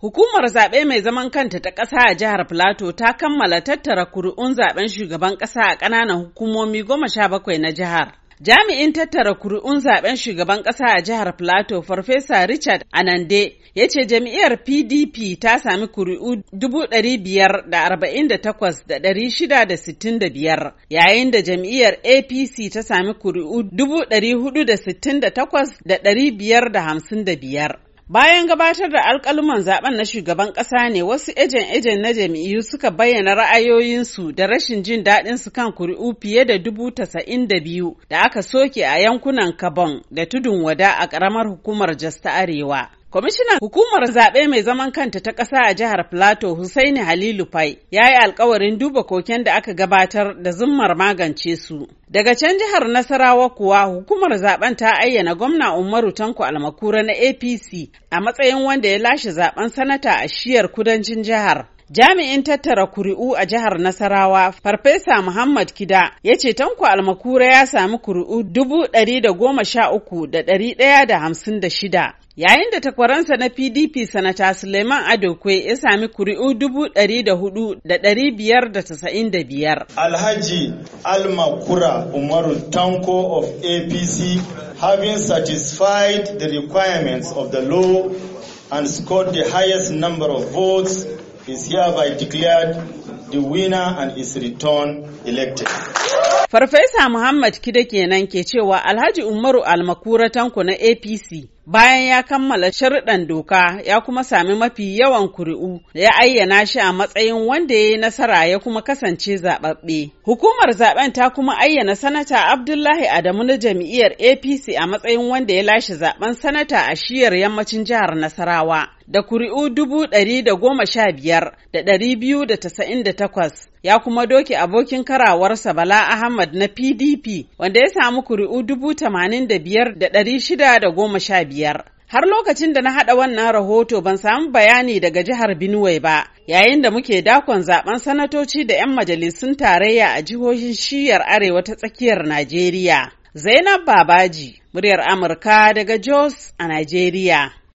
Hukumar zaɓe mai zaman kanta ta ƙasa a jihar Filato ta kammala tattara kuri'un zaɓen shugaban ƙasa a ƙananan hukumomi goma sha bakwai na jihar. Jami'in tattara kuri'un zaɓen shugaban ƙasa a jihar Filato Farfesa Richard Anande ya ce jam'iyyar PDP ta sami kuri'u biyar, yayin da jam'iyyar APC ta sami kuri'u biyar. Bayan gabatar da alkaluman zaben na shugaban kasa ne wasu ejen-ejen na jam'iyyu suka bayyana ra'ayoyinsu da rashin jin daɗinsu kan kuri'u fiye da dubu tasa'in da biyu da aka soke a yankunan Kabon da Tudun Wada a ƙaramar hukumar jasta Arewa. Kwamishinan hukumar zaɓe mai zaman kanta ta ƙasa a jihar Plateau Hussaini Halilu Fai ya yi alkawarin duba koken da aka gabatar da zummar magance su. Daga can jihar Nasarawa kuwa hukumar zaben ta ayyana gwamna Umaru Tanko Almakura na APC a matsayin wanda ya lashe zaben sanata a shiyar kudancin jihar. Jami'in tattara kuri'u a jihar Nasarawa, Farfesa Muhammad Kida ya ce Tanko Almakura ya sami kuri'u dubu ɗari da goma sha uku da ɗari ɗaya da hamsin da shida, Yayin da takwaransa na PDP sanata Suleiman Adokwe ya sami kuri'u dubu ɗari da hudu da ɗari biyar da tasa'in da biyar. Alhaji Almakura Umaru Tanko of APC having satisfied the requirements of the law and scored the highest number of votes is hereby declared the winner and is returned elected. Farfesa Muhammad Kida kenan ke cewa Alhaji Umaru Almakura Tanko na APC bayan ya kammala sharuɗan doka ya kuma sami mafi yawan kuri'u da ya ayyana shi a matsayin wanda ya yi nasara ya kuma kasance zaɓaɓɓe. Hukumar zaɓen ta kuma ayyana sanata Abdullahi Adamu na jam'iyyar APC a matsayin wanda ya lashe zaben sanata a shiyar yammacin jihar Nasarawa. da kuri'u dubu ɗari da goma sha biyar da ɗari biyu da tasa'in da takwas ya kuma doki abokin karawarsa Bala Ahmad na PDP wanda ya samu kuri'u dubu tamanin da biyar da ɗari shida da goma sha biyar. biyar. Har lokacin da na haɗa wannan rahoto ban samu bayani daga jihar Benue ba, yayin da muke dakon zaben sanatoci da 'yan majalisun tarayya a jihohin shiyar arewa ta tsakiyar Najeriya. Zainab Babaji, muryar Amurka daga Jos a Najeriya.